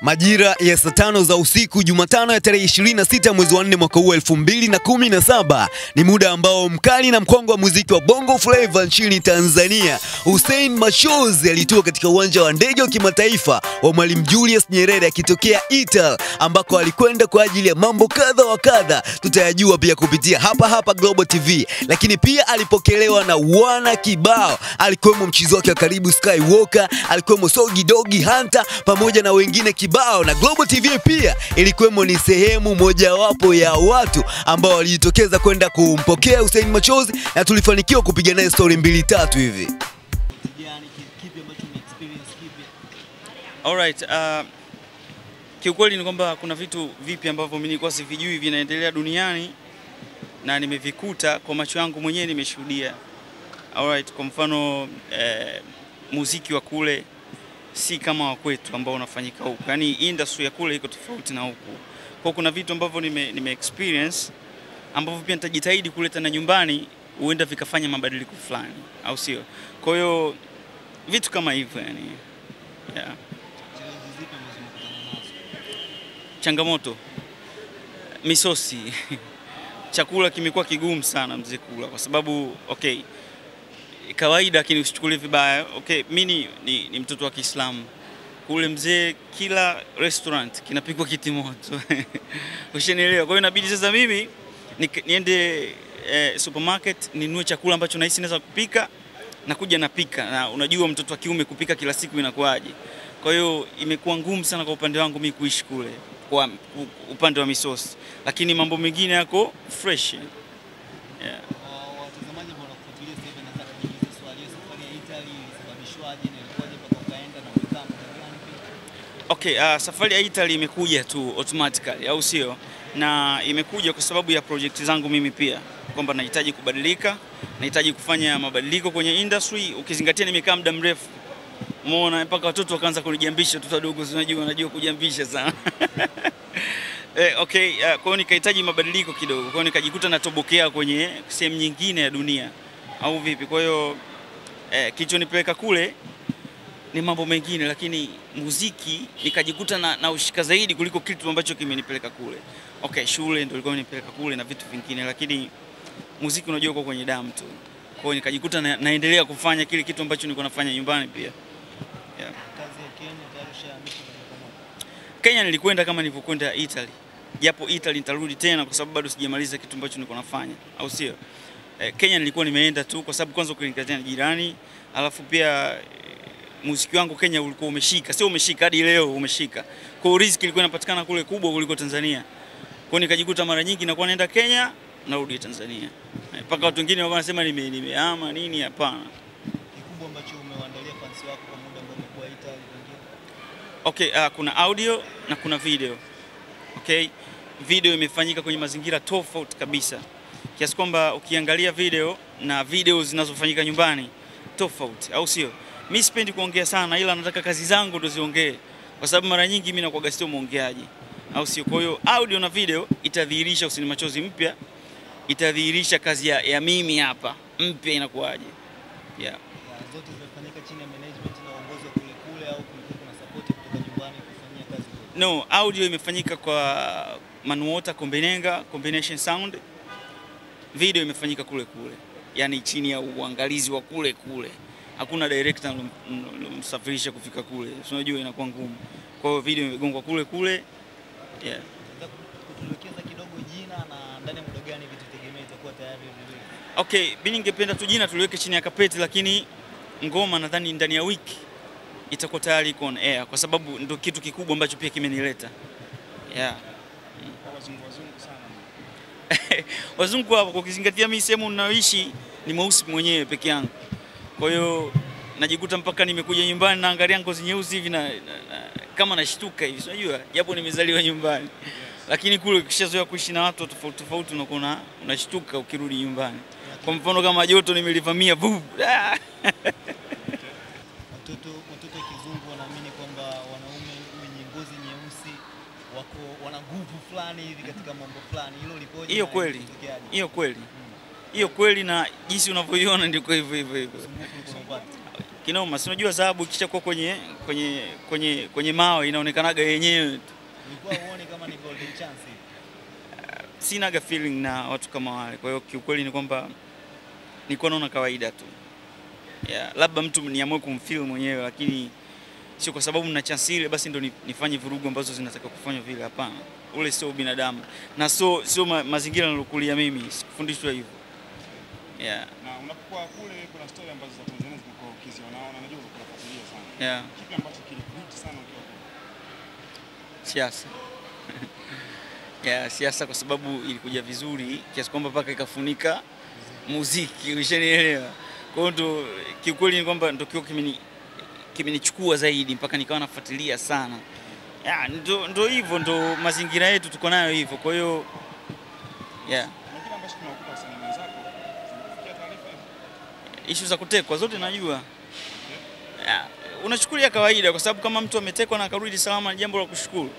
Majira ya saa tano za usiku Jumatano ya tarehe 26 mwezi wa 4 mwaka huu 2017 ni muda ambao mkali na mkongwe wa muziki wa Bongo Flava nchini Tanzania Hussein Mashozi alitua katika uwanja wa ndege wa kimataifa wa Mwalimu Julius Nyerere akitokea Italy ambako alikwenda kwa ajili ya mambo kadha wa kadha, tutayajua pia kupitia hapa hapa Global TV, lakini pia alipokelewa na wana kibao, alikuwemo mchizi wake wa karibu Skywalker, alikuwemo Sogi Dogi Hunter pamoja na wengine kibao kibao na Global TV pia ilikuwemo ni sehemu mojawapo ya watu ambao walijitokeza kwenda kumpokea Hussein Machozi na tulifanikiwa kupiga naye story mbili tatu hivi. Alright, uh, kiukweli ni kwamba kuna vitu vipi ambavyo mimi nilikuwa sivijui vinaendelea duniani na nimevikuta kwa macho yangu mwenyewe nimeshuhudia. Alright, kwa mfano eh, muziki wa kule si kama wakwetu ambao unafanyika huku, yaani industry ya kule iko tofauti na huku. Kwa kuna vitu ambavyo nime, nime experience ambavyo pia nitajitahidi kuleta na nyumbani, huenda vikafanya mabadiliko fulani, au sio? Kwa hiyo vitu kama hivyo yani, yeah. Changamoto misosi chakula kimekuwa kigumu sana mzee kula kwa sababu okay Eh, kawaida, lakini usichukulie vibaya. Okay, mimi ni, ni, mtoto wa Kiislamu kule mzee, kila restaurant kinapikwa kitimoto ushanielewa. Kwa hiyo inabidi sasa mimi ni, niende eh, supermarket ninunue chakula ambacho nahisi naweza kupika kuja napika, na unajua mtoto wa kiume kupika kila siku inakuwaje. Kwa hiyo imekuwa ngumu sana kwa upande wangu mimi kuishi kule kwa upande wa misosi, lakini mambo mengine yako fresh yeah. Okay, uh, safari ya Italy imekuja tu automatically au sio? Na imekuja kwa sababu ya project zangu mimi pia kwamba nahitaji kubadilika, nahitaji kufanya mabadiliko kwenye industry, ukizingatia nimekaa muda mrefu Umeona, mpaka watoto wakaanza kunijambisha, tu wadogo, unajua unajua kujambisha sana eh, okay, uh, kwa hiyo nikahitaji mabadiliko kidogo, kwa hiyo nikajikuta natobokea kwenye sehemu nyingine ya dunia au vipi? Kwa hiyo eh, kilichonipeleka kule ni mambo mengine, lakini muziki nikajikuta na, na ushika zaidi kuliko kitu ambacho kimenipeleka kule. Okay, shule ndio ilikuwa imenipeleka kule na vitu vingine, lakini muziki unajua uko kwenye damu tu. Kwa hiyo nikajikuta na, naendelea kufanya kile kitu ambacho nilikuwa nafanya nyumbani pia. Yeah. Kazi ya Kenya tarusha Kenya nilikwenda kama nilivyokwenda Italy, japo Italy nitarudi tena kwa sababu bado sijamaliza kitu ambacho nilikuwa nafanya, au sio? Eh, Kenya nilikuwa nimeenda tu kwa sababu kwanza kulingatia jirani, alafu pia muziki wangu Kenya ulikuwa umeshika, sio umeshika, hadi leo umeshika. Kwa hiyo riziki ilikuwa inapatikana kule kubwa kuliko Tanzania. Kwa hiyo nikajikuta mara nyingi nakuwa naenda Kenya, narudi Tanzania. Eh, mpaka watu wengine wao wanasema nime nimeama nini, hapana. Kikubwa ambacho umewaandalia fans wako kwa muda ambao umekuwa Italy wengine. Okay, uh, kuna audio na kuna video. Okay. Video imefanyika kwenye mazingira tofauti kabisa. Kiasi kwamba ukiangalia video na video zinazofanyika nyumbani tofauti, au sio? mimi sipendi kuongea sana, ila nataka kazi zangu ndo ziongee, kwa sababu mara nyingi mi nakuwaga sio muongeaji, au sio? Kwa hiyo audio na video itadhihirisha Usini Machozi mpya, itadhihirisha kazi ya, ya mimi hapa mpya inakuwaje, yeah. Zote zimefanyika chini ya management na uongozi wa kule kule, au kulikuwa kuna support kutoka nyumbani kufanyia kazi? hiyo? No, audio imefanyika kwa Manuota Kombenenga Combination Sound, video imefanyika kule kule, yani chini ya uangalizi wa kule kule hakuna director alomsafirisha kufika kule, si unajua inakuwa ngumu. Kwa hiyo video imegongwa kule kule, yeah. kidogo jina na ndani muda gani itakuwa tayari vizuri? Okay, mimi ningependa tu jina tuliweke chini ya kapeti, lakini ngoma nadhani ndani ya wiki itakuwa tayari iko on air, kwa sababu ndio kitu kikubwa ambacho pia kimenileta yeah. Wazungu, wazungu kwa kizingatia mimi sehemu ninayoishi ni mweusi mwenyewe peke yangu kwa hiyo najikuta mpaka nimekuja nyumbani naangalia ngozi nyeusi hivi na, na, na kama nashtuka hivi, unajua japo nimezaliwa nyumbani yes. Lakini kule ukishazoea kuishi na watu tofauti tofauti unakuwa unashtuka ukirudi nyumbani. Kwa mfano kama joto nimelivamia bub watoto watoto kizungu wanaamini kwamba wanaume wenye ngozi nyeusi wako wana nguvu fulani hivi katika mambo fulani, hilo lipoje? Hiyo kweli, hiyo kweli hmm hiyo kweli, na jinsi unavyoiona ndiko hivyo hivyo hivyo kinoma. Si unajua sababu ikishakuwa kwenye kwenye kwenye kwenye mawe inaonekanaga yenyewe tu. Sinaga feeling na watu kama wale, kwa hiyo kiukweli ni kwamba nilikuwa naona kawaida tu yeah, labda mtu niamue kumfeel mwenyewe, lakini sio kwa sababu na chance ile basi ndo nifanye vurugu ambazo zinataka kufanywa vile. Hapana, ule sio binadamu na sio sio ma, mazingira nilokulia mimi, sikufundishwa hivyo. Yeah. Yeah. Siasa. yeah, siasa kwa sababu ilikuja vizuri kiasi kwamba mpaka ikafunika muziki, ushenielewa Kwa hiyo kiukweli ni kwamba ndo kio kimenichukua zaidi mpaka nikawa nafuatilia sana. Yeah, ndo, ndo hivyo ndo mazingira yetu tuko nayo hivyo. Kwa hiyo yeah ishu za kutekwa zote najua yeah, unachukulia kawaida, kwa sababu kama mtu ametekwa na akarudi salama ni jambo la kushukuru,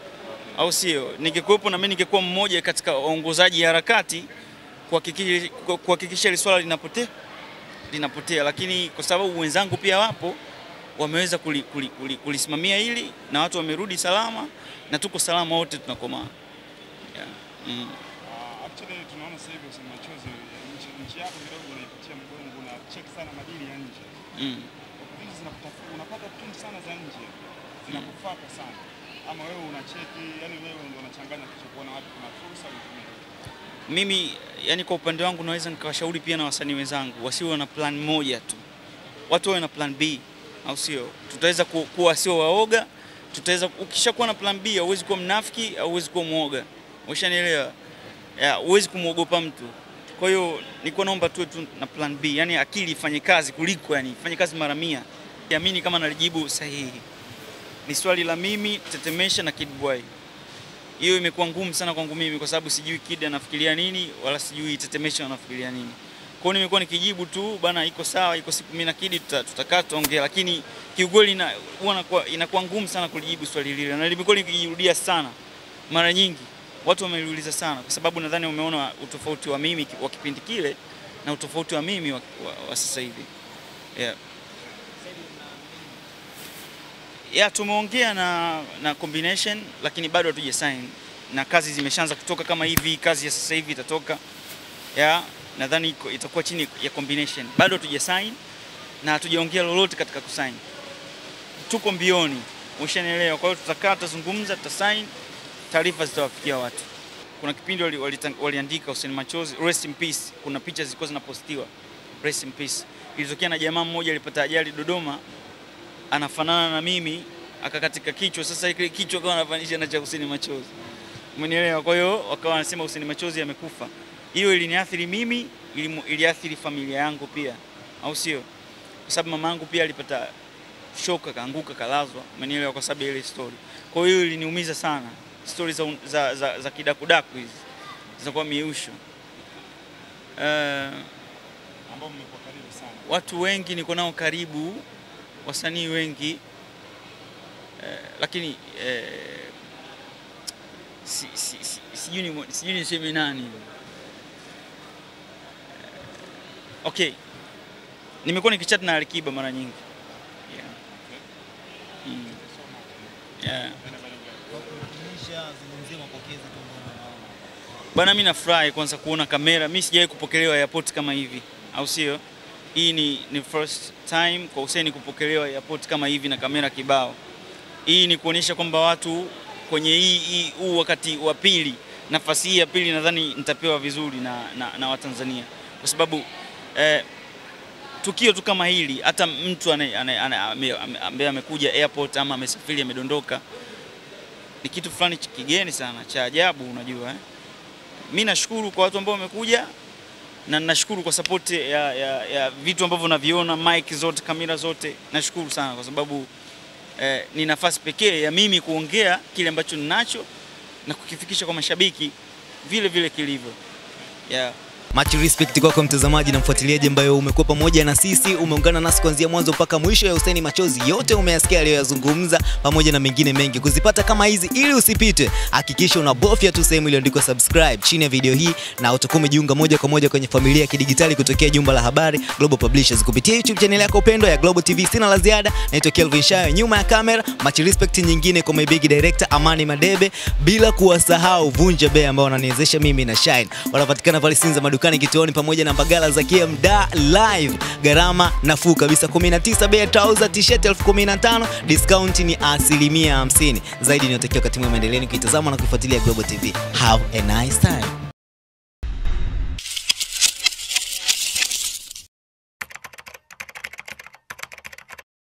au sio? Ningekuwepo na mimi ningekuwa mmoja katika waongozaji harakati kuhakikisha hili swala linapotea linapotea, lakini kwa sababu wenzangu pia wapo wameweza kulisimamia kuli, kuli, kuli hili na watu wamerudi salama na tuko salama wote tunakomaa. Yeah. Mm. Uh, nchi yako kidogo unaipitia mgongo, sana ya nje mm. zinakutafuta unapata sana za nje zinakufuata sana, ama wewe unacheki, yani wewe ndio unachanganya kuona wapi kuna fursa Mimi yani kwa upande wangu naweza nikawashauri pia na wasanii wenzangu wasiwe na plan moja tu, watu wawe na plan B, au sio? Tutaweza ku, kuwa sio waoga, tutaweza ukishakuwa na plan B hauwezi kuwa mnafiki, hauwezi kuwa mwoga, ushanielewa? Huwezi kumwogopa mtu kwa hiyo nilikuwa naomba tuwe tu na plan B, yani akili ifanye kazi kuliko, yani ifanye kazi mara mia. Siamini kama nalijibu sahihi. Ni swali la mimi Tetemesha na Kid Boy. Hiyo imekuwa ngumu sana kwangu mimi kwa sababu sijui Kid anafikiria nini wala sijui Tetemesha anafikiria nini. Kwa hiyo nimekuwa nikijibu tu bana, iko sawa, iko siku mimi na Kid tutakaa tuongee, lakini kiukweli huwa inakuwa ngumu sana kulijibu swali lile na limekuwa likijirudia sana mara nyingi watu wameuliza sana, kwa sababu nadhani umeona utofauti wa mimi wa kipindi kile na utofauti wa mimi wa, wa, wa sasa hivi yeah. Yeah, tumeongea na, na combination lakini bado hatuja sign na kazi zimeshaanza kutoka kama hivi, kazi ya sasa hivi itatoka yeah, nadhani itakuwa chini ya combination. Bado hatuja sign na hatujaongea lolote katika kusign, tuko mbioni, ushanielewa. Kwa hiyo tutakaa, tutazungumza, tutasign taarifa zitawafikia watu. Kuna kipindi waliandika wali, wali Hussein Machozi, rest in peace. Kuna picha zilikuwa zinapostiwa rest in peace. Ilitokea na jamaa mmoja alipata ajali Dodoma, anafanana na mimi, akakatika kichwa. Sasa kile kichwa kawa anafanisha na cha Hussein Machozi, umenielewa? Kwa hiyo wakawa wanasema Hussein Machozi amekufa. Hiyo iliniathiri mimi, iliathiri familia yangu pia, au sio? Kwa sababu mama yangu pia alipata shoka, kaanguka, kalazwa, umenielewa, kwa sababu ile story. Kwa hiyo iliniumiza sana stori za, za, za, za kidakudaku hizi zinakuwa miusho uh, Watu wengi niko nao karibu, wasanii wengi uh, lakini uh, eh, sijui si, si, si, si, niseme nani uh, okay nimekuwa nikichat na Alikiba mara nyingi yeah. Mm. Yeah. Bana, mimi nafurahi kwanza kuona kamera. Mimi sijawahi kupokelewa airport kama hivi, au sio? Hii ni, ni first time kwa useni kupokelewa airport kama hivi na kamera kibao. Hii ni kuonyesha kwamba watu kwenye hii huu wakati wa pili, nafasi hii ya pili nadhani nitapewa vizuri na, na, na Watanzania kwa sababu eh, tukio tu kama hili, hata mtu ambaye amekuja airport ama amesafiri amedondoka ni kitu fulani kigeni sana cha ajabu, unajua eh? Mi nashukuru kwa watu ambao wamekuja na nashukuru kwa support ya, ya, ya vitu ambavyo naviona, mic zote, kamera zote, nashukuru sana kwa sababu eh, ni nafasi pekee ya mimi kuongea kile ambacho ninacho na kukifikisha kwa mashabiki vile vile kilivyo yeah. Much respect kwako mtazamaji na mfuatiliaji ambaye umekuwa pamoja na sisi, umeungana nasi kuanzia mwanzo mpaka mwisho. Ya Hussein Machozi yote umeyasikia aliyoyazungumza, pamoja na mengine mengi. Kuzipata kama hizi ili usipite, hakikisha unabofya tu sehemu iliyoandikwa subscribe chini ya video hii, na utakuwa umejiunga moja kwa moja kwenye familia ya kidigitali kutokea jumba la habari Global Publishers kupitia YouTube channel yako pendwa ya Global TV. Sina la ziada, naitwa Kelvin Shayo, nyuma ya kamera. Much respect nyingine kwa my big director Amani Madebe, bila kuwasahau Vunja Bay ambao wananiwezesha mimi na Shine, wanapatikana pale Sinza dukani kituoni pamoja na Mbagala za Mda live, gharama nafuu kabisa. 19 bei trouser t-shirt 1015 discount ni asilimia 50. Zaidi inatakiwa katimu ya maendeleo kuitazama na kuifuatilia Global TV. Have a nice time.